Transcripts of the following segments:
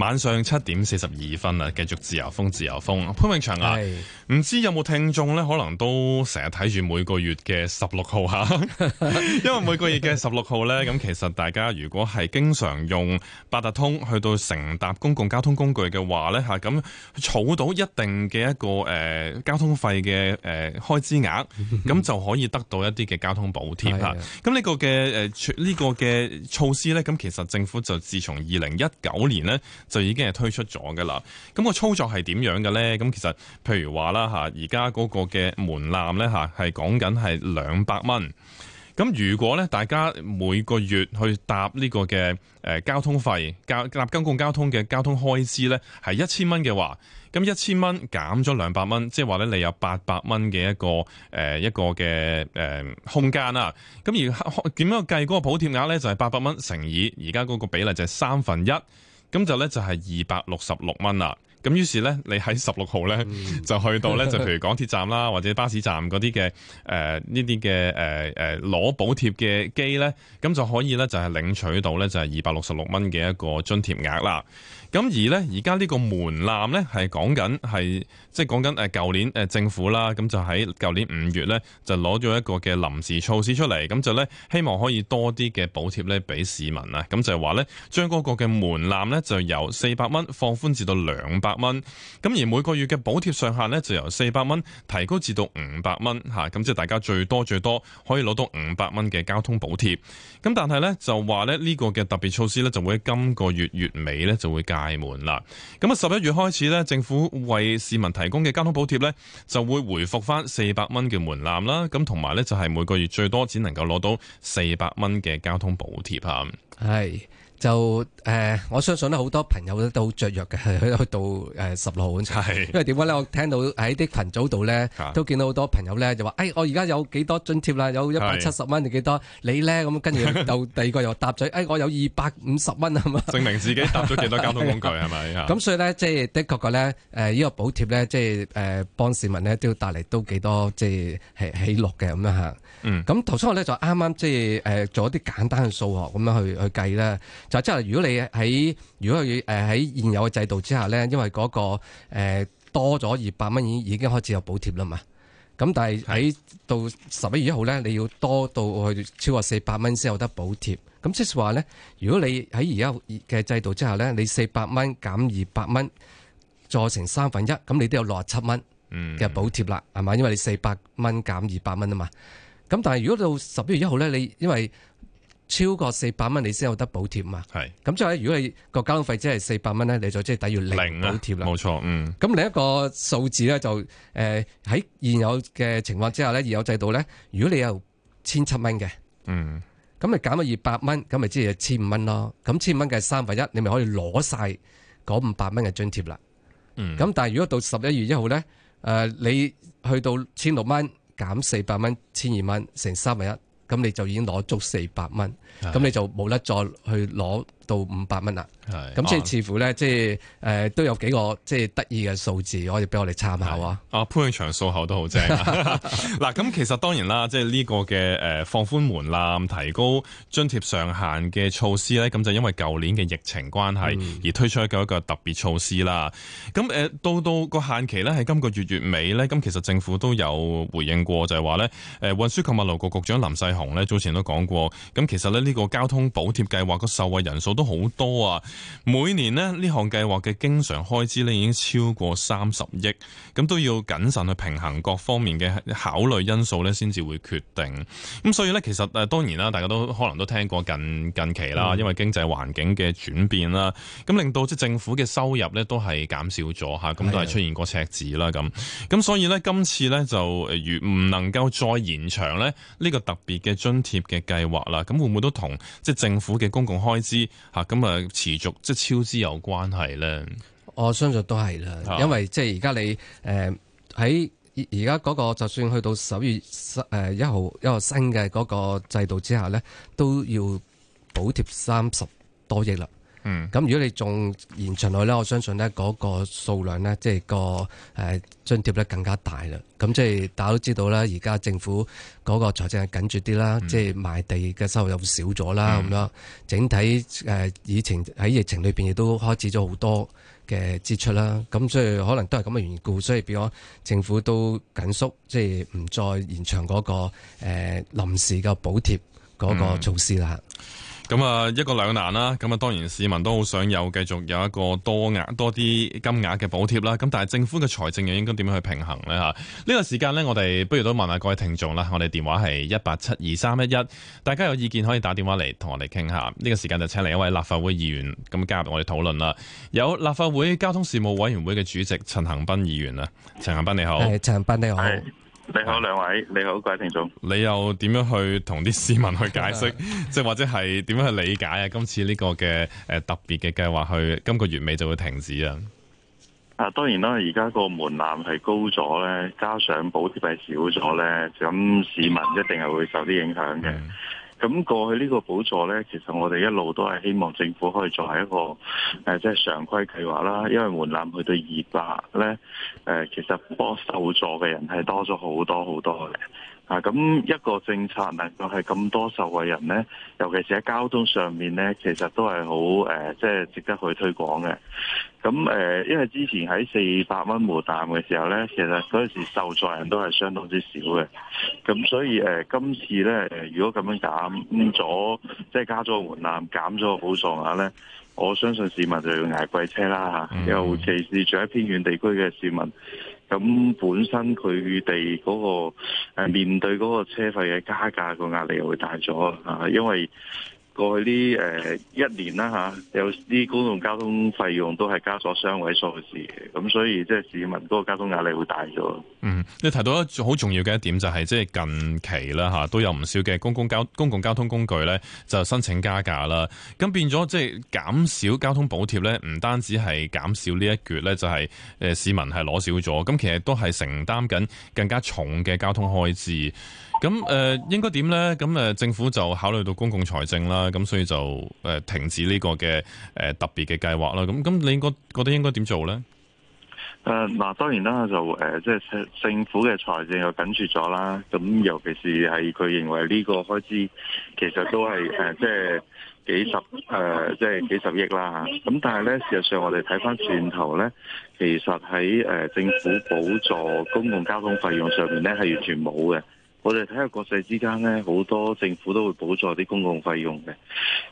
晚上七點四十二分啊！繼續自由風，自由風。潘永祥啊，唔 知有冇聽眾咧？可能都成日睇住每個月嘅十六號吓， 因為每個月嘅十六號呢，咁 其實大家如果係經常用八達通去到乘搭公共交通工具嘅話呢，吓咁儲到一定嘅一個誒、呃、交通費嘅誒開支額，咁就可以得到一啲嘅交通補貼吓。咁呢、 嗯、個嘅誒呢個嘅措施呢，咁其實政府就自從二零一九年呢。就已經係推出咗㗎喇。咁個操作係點樣嘅咧？咁其實譬如話啦，嚇而家嗰個嘅門檻咧，嚇係講緊係兩百蚊。咁如果咧大家每個月去搭呢個嘅誒交通費，搭公共交通嘅交通開支咧係一千蚊嘅話，咁一千蚊減咗兩百蚊，即係話咧你有八百蚊嘅一個誒一個嘅誒空間喇。咁而點樣計嗰個補貼額咧？就係八百蚊乘以而家嗰個比例就係三分一。咁就咧就係二百六十六蚊啦，咁於是咧你喺十六號咧、嗯、就去到咧就譬如港鐵站啦或者巴士站嗰啲嘅誒呢啲嘅誒誒攞補貼嘅機咧，咁就可以咧就係、是、領取到咧就係二百六十六蚊嘅一個津貼額啦。咁而呢而家呢個門檻咧，係講緊係即係講緊誒舊年誒政府啦，咁就喺舊年五月咧，就攞咗一個嘅臨時措施出嚟，咁就咧希望可以多啲嘅補貼咧，俾市民啊，咁就係話咧，將嗰個嘅門檻咧，就由四百蚊放寬至到兩百蚊，咁而每個月嘅補貼上限咧，就由四百蚊提高至到五百蚊吓，咁即係大家最多最多可以攞到五百蚊嘅交通補貼，咁但係咧，就話咧呢個嘅特別措施咧，就會喺今個月月尾咧就會減。大門啦，咁啊十一月開始呢，政府為市民提供嘅交通補貼呢，就會回復翻四百蚊嘅門檻啦，咁同埋呢，就係每個月最多只能夠攞到四百蚊嘅交通補貼啊。係。就誒、呃，我相信咧好多朋友都好雀約嘅，去去到誒十六號咁滯。因為點解咧？我聽到喺啲群組度咧，都見到好多朋友咧就話：誒、哎，我而家有幾多津貼啦？有一百七十蚊定幾多？是的 你咧咁跟住又第二個又搭咗：誒、 哎，我有二百五十蚊啊嘛！證明自己搭咗幾多交通工具係咪？咁所以咧，即係的確嘅咧，誒、這、依個補貼咧，即係誒幫市民咧都要帶嚟都幾多即係喜樂嘅咁樣嚇。咁頭先我咧就啱啱即係誒做一啲簡單嘅數學咁樣去去計咧。就即係如果你喺如果係誒喺現有嘅制度之下咧，因為嗰、嗰個、呃、多咗二百蚊已經已經開始有補貼啦嘛。咁但係喺到十一月一號咧，你要多到去超過四百蚊先有得補貼。咁即係話咧，如果你喺而家嘅制度之下咧，你四百蚊減二百蚊，再乘三分一，咁你都有六十七蚊嘅補貼啦，係嘛、嗯？因為你四百蚊減二百蚊啊嘛。咁但係如果到十一月一號咧，你因為超過四百蚊你先有得補貼嘛？係是，咁即係如果你個交通費只係四百蚊咧，你就即係抵於零補貼啦。冇、啊、錯，嗯。咁另一個數字咧就誒喺、呃、現有嘅情況之下咧，現有制度咧，如果你有千七蚊嘅，嗯，咁咪減咗二百蚊，咁咪即係千五蚊咯。咁千五蚊嘅三分一，你咪可以攞晒嗰五百蚊嘅津貼啦。嗯。咁但係如果到十一月一號咧，誒、呃、你去到千六蚊減四百蚊，千二蚊成三分一。咁你就已經攞足四百蚊，咁是的 你就冇得再去攞。到五百蚊啦，咁是即係似乎咧，即係誒都有幾個即係得意嘅數字，可以俾我哋參考啊！潘永祥數口都好正啦。嗱， 咁其實當然啦，即係呢個嘅誒放寬門檻、提高津貼上限嘅措施咧，咁就因為舊年嘅疫情關係而推出一個一個特別措施啦。咁誒、嗯、到到個限期咧，喺今個月月尾咧，咁其實政府都有回應過就，就係話咧，誒運輸及物流局局長林世雄咧早前都講過，咁其實咧呢個交通補貼計劃個受惠人數。都好多啊！每年呢，呢項計劃嘅經常開支呢已經超過三十億，咁都要謹慎去平衡各方面嘅考慮因素呢先至會決定。咁所以呢，其實誒當然啦，大家都可能都聽過近近期啦，因為經濟環境嘅轉變啦，咁、嗯、令到即政府嘅收入呢都係減少咗吓，咁都係出現過赤字啦咁。咁的所以呢，今次呢就呃唔、呃、能夠再延長呢，呢、呢個特別嘅津貼嘅計劃啦，咁會唔會都同即政府嘅公共開支？嚇咁啊！持續即係超支有關係咧，我相信都係啦。的因為即係而家你誒喺而家嗰個，就算去到十月十誒一號一個新嘅嗰個制度之下咧，都要補貼三十多億啦。嗯，咁如果你仲延長落咧，我相信呢嗰個數量呢，即係個誒津貼咧更加大啦。咁即係大家都知道啦，而家政府嗰個財政係緊住啲啦，嗯、即係賣地嘅收入少咗啦，咁樣、嗯、整體誒以前喺疫情裏邊亦都開始咗好多嘅支出啦。咁所以可能都係咁嘅緣故，所以變咗政府都緊縮，即係唔再延長嗰個誒、呃、臨時嘅補貼嗰個措施啦。嗯咁啊，一個兩難啦。咁啊，當然市民都好想有，繼續有一個多額多啲金額嘅補貼啦。咁但係政府嘅財政又應該點樣去平衡呢？吓、這、呢個時間呢，我哋不如都問下各位聽眾啦。我哋電話係一八七二三一一，大家有意見可以打電話嚟同我哋傾下。呢、這個時間就請嚟一位立法會議員，咁加入我哋討論啦。有立法會交通事務委員會嘅主席陳恒鑌議員啦，陳恒鑌你好，陳恒鑌你好。哎你好，兩位，你好，各位聽眾，你又點樣去同啲市民去解釋？即係 或者係點樣去理解啊？今次呢個嘅誒特別嘅計劃，去今個月尾就會停止啊。啊，當然啦，而家個門檻係高咗咧，加上補貼係少咗咧，咁市民一定係會受啲影響嘅。嗯咁過去呢個補助呢，其實我哋一路都係希望政府可以作為一個誒，即、呃、係、就是、常規計劃啦。因為門檻去到二百呢，誒、呃，其實幫受助嘅人係多咗好多好多嘅。啊，咁一個政策能夠係咁多受惠人咧，尤其是喺交通上面咧，其實都係好誒，即、呃、係值得去推廣嘅。咁誒、呃，因為之前喺四百蚊門檻嘅時候咧，其實嗰陣時受助人都係相當之少嘅。咁所以誒、呃，今次咧，如果咁樣減咗，即係加咗個門檻，減咗個補償額咧，我相信市民就要捱貴車啦嚇，嗯、尤其是住喺偏遠地區嘅市民。咁本身佢哋嗰個、啊、面對嗰個車費嘅加價、個壓力又會大咗啊，因為。過去呢，誒一年啦嚇，有啲公共交通費用都係加咗雙位數字，咁所以即係市民嗰個交通壓力會大咗。嗯，你提到一好重要嘅一點，就係即係近期啦嚇，都有唔少嘅公共交通公共交通工具咧就申請加價啦，咁變咗即係減少交通補貼咧，唔單止係減少呢一橛咧，就係誒市民係攞少咗，咁其實都係承擔緊更加重嘅交通開支。咁誒、呃，應該點咧？咁誒，政府就考慮到公共財政啦，咁所以就誒停止呢個嘅誒特別嘅計劃啦。咁咁，你覺覺得應該點做咧？誒，嗱，當然啦，就誒，即、呃、係政府嘅財政又緊絀咗啦。咁尤其是係佢認為呢個開支其實都係誒、呃，即係幾十誒、呃，即係幾十億啦。咁但係咧，事實上我哋睇返轉頭咧，其實喺誒政府補助公共交通費用上面咧，係完全冇嘅。我哋睇下國際之間咧，好多政府都會補助啲公共費用嘅。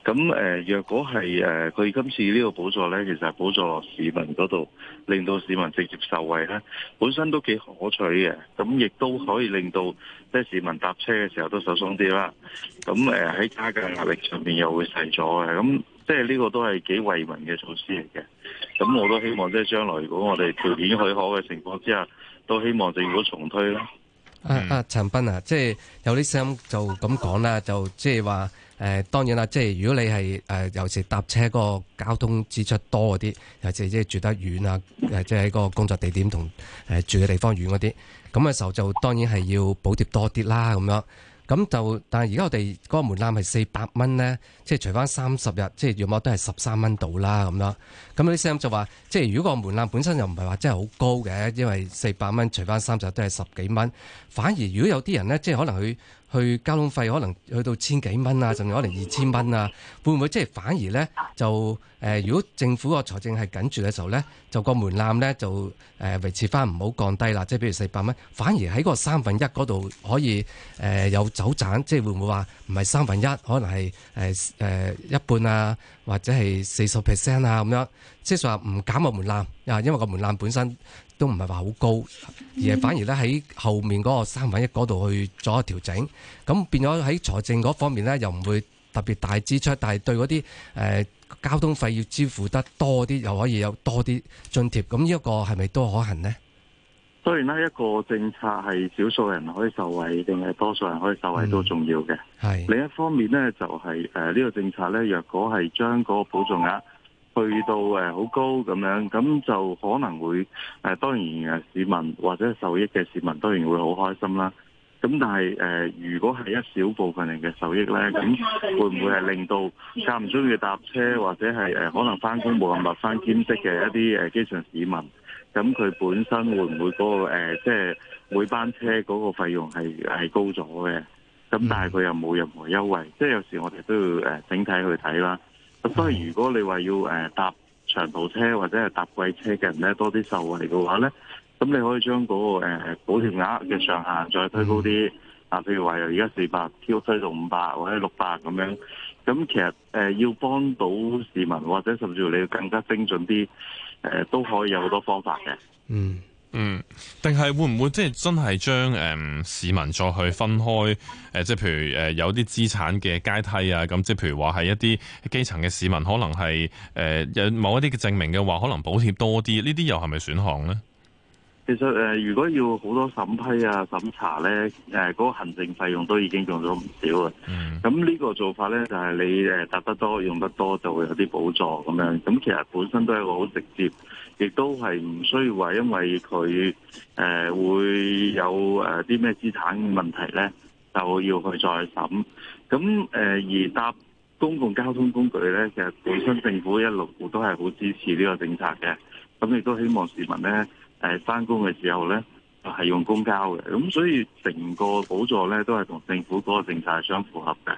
咁誒、呃，若果係誒，佢、呃、今次呢個補助咧，其實係補助市民嗰度，令到市民直接受惠咧，本身都幾可取嘅。咁亦都可以令到即係市民搭車嘅時候都手鬆啲啦。咁誒，喺、呃、加價壓力上面又會細咗嘅。咁即係呢個都係幾惠民嘅措施嚟嘅。咁我都希望即係將來如果我哋條件許可嘅情況之下，都希望政府重推囉。阿阿、嗯啊啊、陳鑌啊，即係有啲聲就咁講啦，就即係話誒，當然啦，即係如果你係誒尤其搭車嗰個交通支出多嗰啲，或者即係住得遠啊，誒即係喺個工作地點同誒、呃、住嘅地方遠嗰啲，咁嘅時候就當然係要補貼多啲啦，咁樣。咁就，但係而家我哋嗰個門檻係四百蚊咧，即係除翻三十日，即係最起碼都係十三蚊到啦咁樣。咁有啲 Sam 就話，即係如果個門檻本身又唔係話真係好高嘅，因為四百蚊除翻三十日都係十幾蚊，反而如果有啲人咧，即係可能佢。去交通費可能去到千幾蚊啊，甚至可能二千蚊啊，會唔會即係反而咧就誒、呃？如果政府個財政係緊住嘅時候咧，就個門檻咧就誒、呃、維持翻唔好降低啦，即係比如四百蚊，反而喺個三分一嗰度可以誒、呃、有走盞，即係會唔會話唔係三分一，可能係誒誒一半啊，或者係四十 percent 啊咁樣？即係話唔減個門檻，啊，因為個門檻本身都唔係話好高，而係反而咧喺後面嗰個三分一嗰度去做一調整，咁變咗喺財政嗰方面咧，又唔會特別大支出，但係對嗰啲誒交通費要支付得多啲，又可以有多啲津貼，咁呢一個係咪都可行呢？當然啦，一個政策係少數人可以受惠，定係多數人可以受惠都重要嘅。係、嗯、另一方面咧，就係誒呢個政策咧，若果係將嗰個保障額。去到誒好高咁樣，咁就可能會誒、呃、當然市民或者受益嘅市民當然會好開心啦。咁但係誒、呃、如果係一小部分人嘅受益呢，咁會唔會係令到間唔中要搭車或者係誒、呃、可能返工冇咁密返兼職嘅一啲誒機場市民，咁佢本身會唔會嗰、嗰個、呃、即係每班車嗰個費用係係高咗嘅？咁但係佢又冇任何優惠，嗯、即係有時我哋都要誒整體去睇啦。咁所以如果你話要誒、呃、搭長途車或者係搭貴車嘅人咧多啲受惠嘅話咧，咁你可以將嗰、那個誒保障額嘅上限再推高啲，啊譬、嗯、如話由而家四百跳推到五百或者六百咁樣，咁其實誒、呃、要幫到市民或者甚至乎你要更加精準啲，誒、呃、都可以有好多方法嘅。嗯。嗯，定係會唔會即係真係將誒市民再去分開誒、呃，即係譬如誒、呃、有啲資產嘅階梯啊，咁即係譬如話係一啲基層嘅市民，可能係誒、呃、有某一啲嘅證明嘅話，可能補貼多啲，呢啲又係咪選項咧？其實誒、呃，如果要好多審批啊、審查咧，誒、呃、嗰、那個行政費用都已經用咗唔少啦。咁呢、mm. 個做法咧，就係、是、你誒搭、呃、得多用得多就會有啲補助咁樣。咁其實本身都係一個好直接，亦都係唔需要話因為佢誒、呃、會有誒啲咩資產問題咧就要去再審。咁誒、呃、而搭公共交通工具咧，其實本身政府一路都係好支持呢個政策嘅。咁亦都希望市民咧。誒，翻工嘅時候咧，就係用公交嘅，咁所以成個補助咧都係同政府嗰個政策係相符合嘅。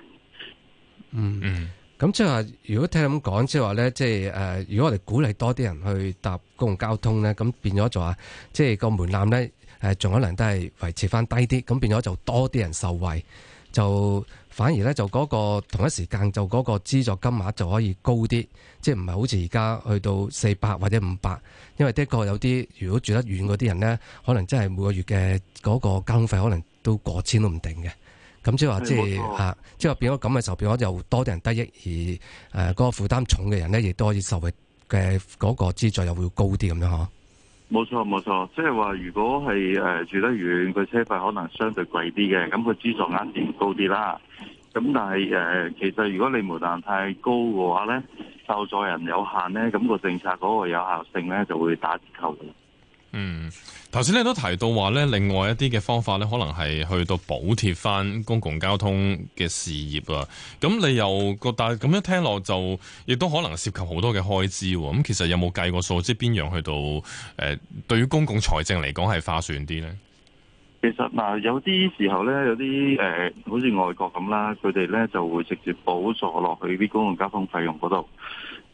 嗯嗯，咁即係話，如果聽咁講，即係話咧，即係誒，如果我哋鼓勵多啲人去搭公共交通咧，咁變咗就話，即係個門檻咧，誒，仲可能都係維持翻低啲，咁變咗就多啲人受惠。就反而咧，就嗰個同一時間，就嗰個資助金額就可以高啲，即係唔係好似而家去到四百或者五百，因為的確有啲如果住得遠嗰啲人咧，可能真係每個月嘅嗰個交通費可能都過千都唔定嘅。咁即係話即係嚇，即係話變咗咁嘅時候，變咗又多啲人得益，而誒嗰個負擔重嘅人咧，亦都可以受惠嘅嗰個資助又會高啲咁樣嗬。冇錯冇錯，即係話如果係誒、呃、住得遠，佢車費可能相對貴啲嘅，咁佢資助額自然高啲啦。咁但係誒、呃，其實如果你門檻太高嘅話咧，受助人有限咧，咁、個政策嗰個有效性咧就會打折扣。嗯，頭先你都提到話咧，另外一啲嘅方法咧，可能係去到補貼翻公共交通嘅事業啊。咁你又覺得，但係咁樣一聽落就，亦都可能涉及好多嘅開支。咁、嗯、其實有冇計過數，即係邊樣去到誒、呃，對於公共財政嚟講係劃算啲呢？其實嗱、呃，有啲時候咧，有啲誒，好、呃、似外國咁啦，佢哋咧就會直接補助落去啲公共交通費用嗰度。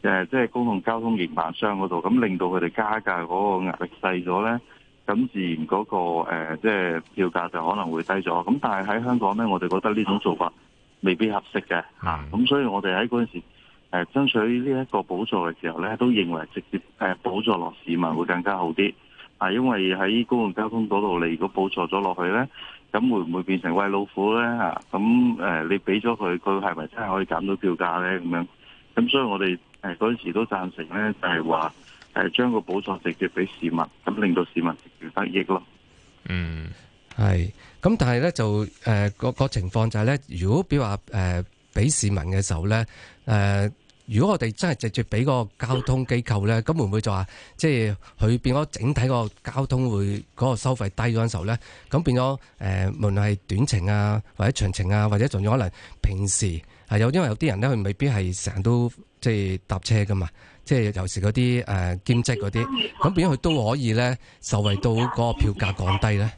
誒，即係公共交通營辦商嗰度，咁令到佢哋加價嗰個壓力細咗呢，咁自然嗰個、呃、即係票價就可能會低咗。咁但係喺香港呢，我哋覺得呢種做法未必合適嘅。嚇、嗯、咁所以我哋喺嗰陣時誒爭取呢一個補助嘅時候呢，都認為直接誒補助落市民會更加好啲。啊，因為喺公共交通嗰度，你如果補助咗落去呢，咁會唔會變成餵老虎呢？嚇，咁誒你畀咗佢，佢係咪真係可以減到票價呢？咁樣，咁所以我哋。嗰陣時都贊成咧，就係話誒將個補助直接俾市民，咁令到市民直接得益咯。嗯，係。咁但係咧就誒個個情況就係咧，如果比如話誒俾市民嘅時候咧，誒如果我哋真係直接俾個交通機構咧，咁會唔會就話即係佢變咗整體個交通會嗰個收費低嗰陣時候咧？咁變咗誒無論係短程啊，或者長程啊，或者仲有可能平時。係有，因為有啲人咧，佢未必係成日都即係搭車噶嘛，即係有時嗰啲誒兼職嗰啲，咁變咗佢都可以咧，受惠到嗰個票價降低咧。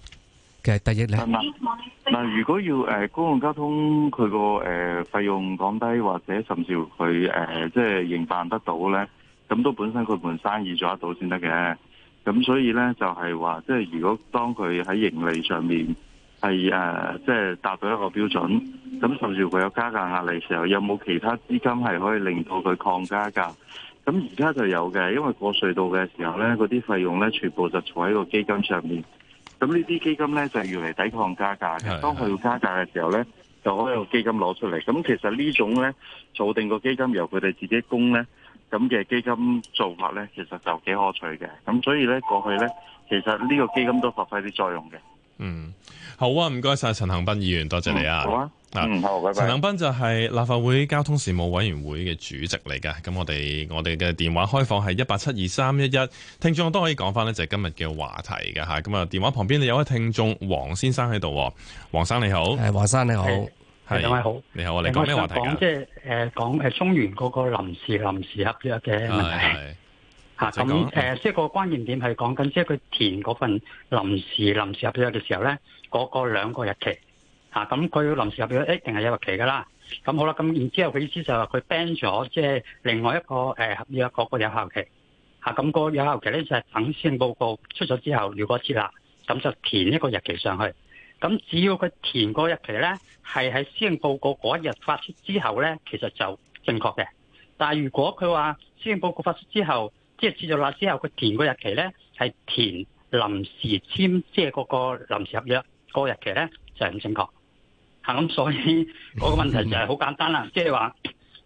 其實第一咧，嗱，如果要誒公共交通佢個誒費用降低，或者甚至乎佢誒即係營辦得到咧，咁都本身佢盤生意做得到先得嘅。咁所以咧，就係、是、話，即係如果當佢喺盈利上面。係誒、啊，即係達到一個標準。咁，甚至乎佢有加價壓力嘅時候，有冇其他資金係可以令到佢抗加價？咁而家就有嘅，因為過隧道嘅時候呢，嗰啲費用呢，全部就儲喺個基金上面。咁呢啲基金呢，就是、要嚟抵抗加價嘅。當佢要加價嘅時候呢，就可以喺個基金攞出嚟。咁其實呢種呢，做定個基金由佢哋自己供呢，咁嘅基金做法呢，其實就幾可取嘅。咁所以呢，過去呢，其實呢個基金都發揮啲作用嘅。嗯。好啊，唔該晒陳恒鑌議員，多謝你啊。嗯、好啊，嗯，好，拜拜。陳恒鑌就係立法會交通事務委員會嘅主席嚟㗎，咁我哋我哋嘅電話開放係一八七二三一一，聽眾都可以講翻呢就係今日嘅話題嘅吓。咁啊、嗯，電話旁邊有位聽眾黃先生喺度，黃生你好，誒，黃生你好，係各位好，你好，我嚟講咩話題啊？即係誒，講、呃、誒，中原嗰個臨時臨時合約嘅問吓咁誒，即係個關鍵點係講緊，即係佢填嗰份臨時臨時合約嘅時候咧，嗰、那個兩個日期，吓咁佢臨時合約一定係有日期噶啦。咁好啦，咁然之後嘅意思就係佢 ban 咗，即係另外一個誒合約個有效期，吓、啊、咁、這個有效期咧就係、是、等私營報告出咗之後，六個月啦，咁就填一個日期上去。咁、啊、只要佢填嗰日期咧，係喺私營報告嗰一日發出之後咧，其實就正確嘅。但係如果佢話私營報告發出之後，即係設咗律之後，佢填個日期咧，係填臨時簽，即係嗰個臨時合約個日期咧就係、是、咁正確。吓咁，所以嗰個問題就係好簡單啦，即係話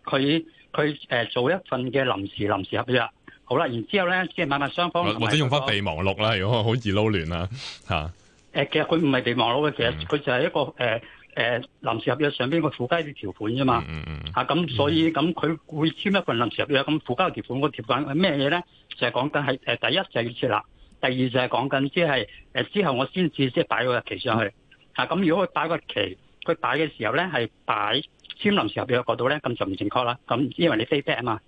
佢佢誒做一份嘅臨時臨時合約，好啦，然之後咧即係買賣雙方或者我、那個、用翻備忘錄啦， 如果好易撈亂啊吓。誒、啊呃，其實佢唔係備忘錄嘅，其實佢就係一個誒。呃誒、呃、臨時合約上邊個附加嘅條款啫嘛，嚇咁、mm hmm. mm hmm. 啊、所以咁佢、嗯嗯、會簽一份臨時合約咁附加條款個條款係咩嘢咧？就係、是、講緊係誒第一就要設立，第二就係講緊即係誒之後我先至即係擺個日期上去。嚇、啊、咁如果佢擺個期，佢擺嘅時候咧係擺簽臨時合約嗰度咧，咁就唔正確啦。咁因為你 feedback 啊嘛，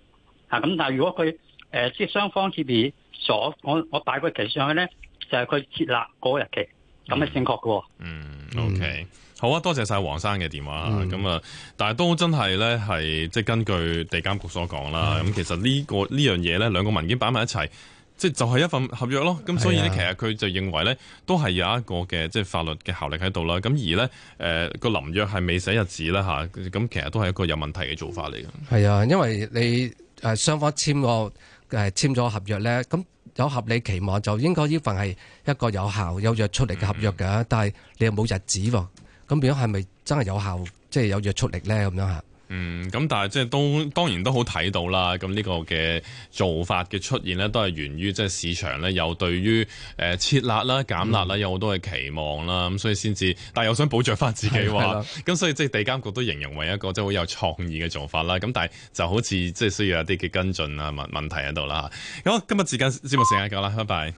嚇、啊、咁但係如果佢誒、呃、即係雙方協議所我我，我擺個期上去咧，就係、是、佢設立嗰個日期。咁係正確嘅喎、哦。嗯，OK，好啊，多謝晒黃生嘅電話嚇。咁啊、嗯嗯，但係都真係咧，係即係根據地監局所講啦。咁、嗯、其實呢、呢個呢樣嘢咧，兩個文件擺埋一齊，即係就係、是、一份合約咯。咁所以咧，其實佢就認為咧，都係有一個嘅即係法律嘅效力喺度啦。咁而咧，誒個臨約係未寫日子咧吓，咁其實都係一個有問題嘅做法嚟嘅。係啊，因為你誒雙方簽過誒簽咗合約咧，咁。有合理期望就應該呢份係一個有效有約束力嘅合約㗎，但係你又冇日子喎，咁變咗係咪真係有效即係、就是、有約束力呢？咁樣嗯，咁但係即係都當然都好睇到啦。咁呢個嘅做法嘅出現咧，都係源於即係市場咧，又對於誒、呃、撤辣啦、減辣啦，有好多嘅期望啦。咁、嗯、所以先至，但係又想保障翻自己喎。咁所以即係地監局都形容為一個即係好有創意嘅做法啦。咁但係就好似即係需要一啲嘅跟進啊，問問題喺度啦。好，今日時間節目時間夠啦，拜拜。